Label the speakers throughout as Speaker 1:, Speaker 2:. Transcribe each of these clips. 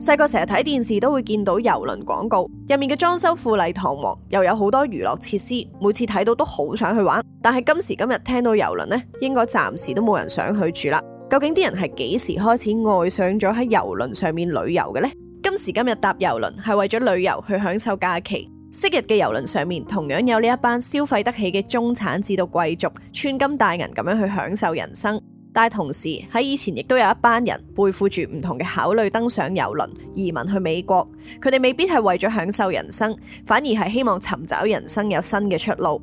Speaker 1: 細個成日睇電視都會見到遊輪廣告，入面嘅裝修富麗堂皇，又有好多娛樂設施，每次睇到都好想去玩。但係今時今日聽到遊輪呢，應該暫時都冇人想去住啦。究竟啲人係幾時開始愛上咗喺遊輪上面旅遊嘅呢？今時今日搭遊輪係為咗旅遊去享受假期，昔日嘅遊輪上面同樣有呢一班消費得起嘅中產至到貴族，穿金戴銀咁樣去享受人生。但同時喺以前亦都有一班人背負住唔同嘅考慮登上郵輪移民去美國，佢哋未必係為咗享受人生，反而係希望尋找人生有新嘅出路。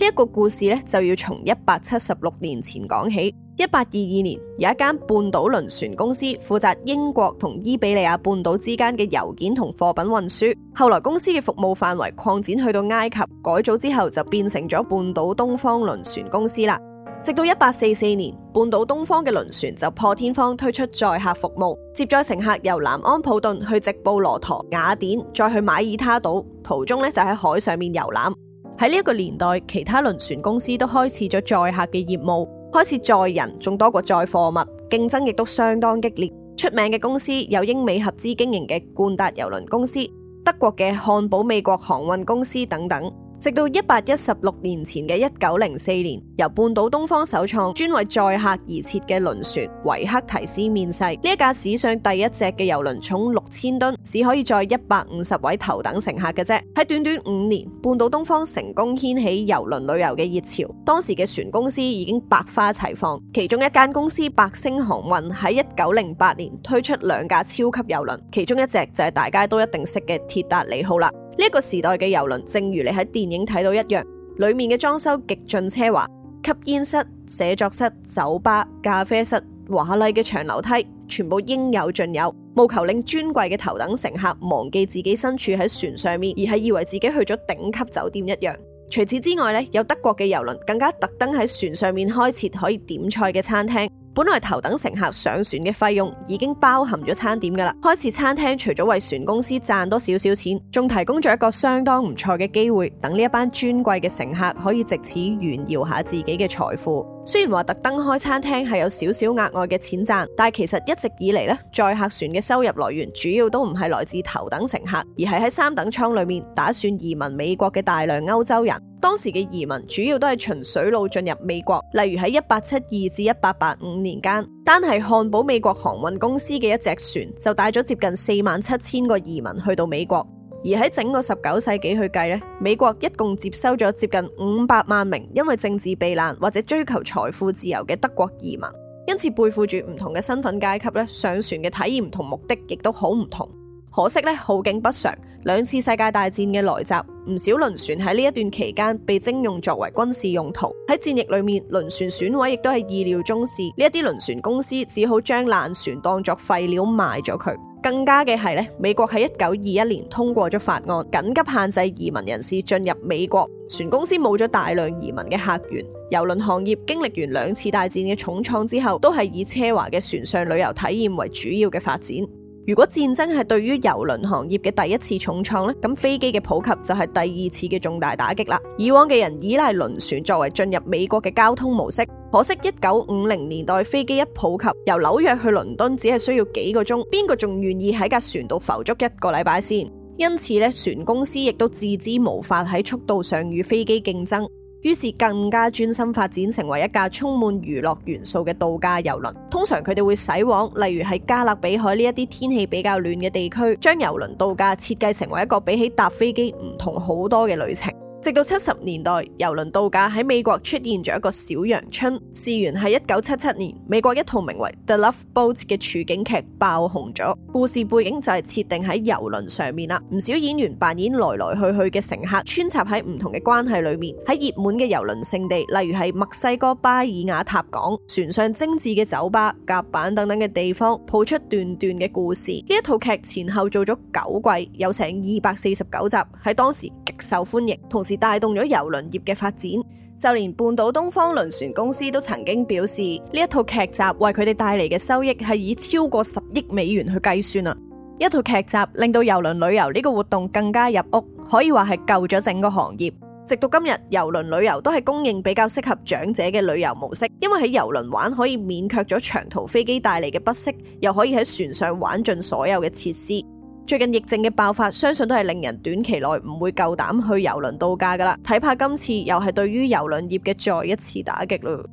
Speaker 1: 呢一個故事咧就要從一百七十六年前講起，一八二二年有一間半島輪船公司負責英國同伊比利亞半島之間嘅郵件同貨品運輸，後來公司嘅服務範圍擴展去到埃及，改組之後就變成咗半島東方輪船公司啦。直到一八四四年，半島東方嘅輪船就破天荒推出載客服務，接載乘客由南安普頓去直布羅陀、雅典，再去馬爾他島，途中咧就喺海上面遊覽。喺呢一個年代，其他輪船公司都開始咗載客嘅業務，開始載人仲多過載貨物，競爭亦都相當激烈。出名嘅公司有英美合資經營嘅冠達郵輪公司、德國嘅漢堡美國航運公司等等。直到一百一十六年前嘅一九零四年，由半島東方首創專為載客而設嘅輪船維克提斯面世。呢一架史上第一隻嘅郵輪重六千噸，只可以載一百五十位頭等乘客嘅啫。喺短短五年，半島東方成功掀起郵輪旅遊嘅熱潮。當時嘅船公司已經百花齊放，其中一間公司白星航運喺一九零八年推出兩架超級郵輪，其中一隻就係大家都一定識嘅鐵達尼號啦。呢一個時代嘅遊輪，正如你喺電影睇到一樣，裏面嘅裝修極盡奢華，吸煙室、寫作室、酒吧、咖啡室、華麗嘅長樓梯，全部應有盡有，務求令尊貴嘅頭等乘客忘記自己身處喺船上面，而係以為自己去咗頂級酒店一樣。除此之外呢，有德國嘅遊輪更加特登喺船上面開設可以點菜嘅餐廳。本來頭等乘客上船嘅費用已經包含咗餐點噶啦，開始餐廳除咗為船公司賺多少少錢，仲提供咗一個相當唔錯嘅機會，等呢一班尊貴嘅乘客可以借此炫耀下自己嘅財富。雖然話特登開餐廳係有少少額外嘅錢賺，但係其實一直以嚟呢，載客船嘅收入來源主要都唔係來自頭等乘客，而係喺三等艙裏面打算移民美國嘅大量歐洲人。當時嘅移民主要都係循水路進入美國，例如喺一八七二至一八八五年間，單係漢堡美國航運公司嘅一隻船就帶咗接近四萬七千個移民去到美國，而喺整個十九世紀去計咧，美國一共接收咗接近五百萬名因為政治避難或者追求財富自由嘅德國移民，因此背負住唔同嘅身份階級咧，上船嘅體驗同目的亦都好唔同。可惜咧，好景不常。兩次世界大戰嘅來襲，唔少輪船喺呢一段期間被徵用作為軍事用途。喺戰役裏面，輪船損毀亦都係意料中事。呢一啲輪船公司只好將爛船當作廢料賣咗佢。更加嘅係咧，美國喺一九二一年通過咗法案，緊急限制移民人士進入美國。船公司冇咗大量移民嘅客源，郵輪行業經歷完兩次大戰嘅重創之後，都係以奢華嘅船上旅遊體驗為主要嘅發展。如果戰爭係對於郵輪行業嘅第一次重創呢，咁飛機嘅普及就係第二次嘅重大打擊啦。以往嘅人依賴輪船作為進入美國嘅交通模式，可惜一九五零年代飛機一普及，由紐約去倫敦只係需要幾個鐘，邊個仲願意喺架船度浮足一個禮拜先？因此呢，船公司亦都自知無法喺速度上與飛機競爭。於是更加專心發展成為一架充滿娛樂元素嘅度假遊輪。通常佢哋會駛往，例如喺加勒比海呢一啲天氣比較暖嘅地區，將遊輪度假設計成為一個比起搭飛機唔同好多嘅旅程。直到七十年代，遊輪度假喺美國出現咗一個小陽春。事源係一九七七年，美國一套名為《The Love Boat》嘅處境劇爆紅咗。故事背景就係設定喺遊輪上面啦。唔少演員扮演來來去去嘅乘客，穿插喺唔同嘅關係裏面，喺熱門嘅遊輪勝地，例如係墨西哥巴爾亞塔港，船上精緻嘅酒吧、甲板等等嘅地方，抱出段段嘅故事。呢一套劇前後做咗九季，有成二百四十九集，喺當時極受歡迎，同，是帶動咗郵輪業嘅發展，就連半島東方輪船公司都曾經表示，呢一套劇集為佢哋帶嚟嘅收益係以超過十億美元去計算啊！一套劇集令到郵輪旅遊呢個活動更加入屋，可以話係救咗整個行業。直到今日，郵輪旅遊都係供應比較適合長者嘅旅遊模式，因為喺郵輪玩可以免卻咗長途飛機帶嚟嘅不適，又可以喺船上玩盡所有嘅設施。最近疫症嘅爆發，相信都係令人短期內唔會夠膽去遊輪度假㗎喇，睇怕今次又係對於遊輪業嘅再一次打擊喇。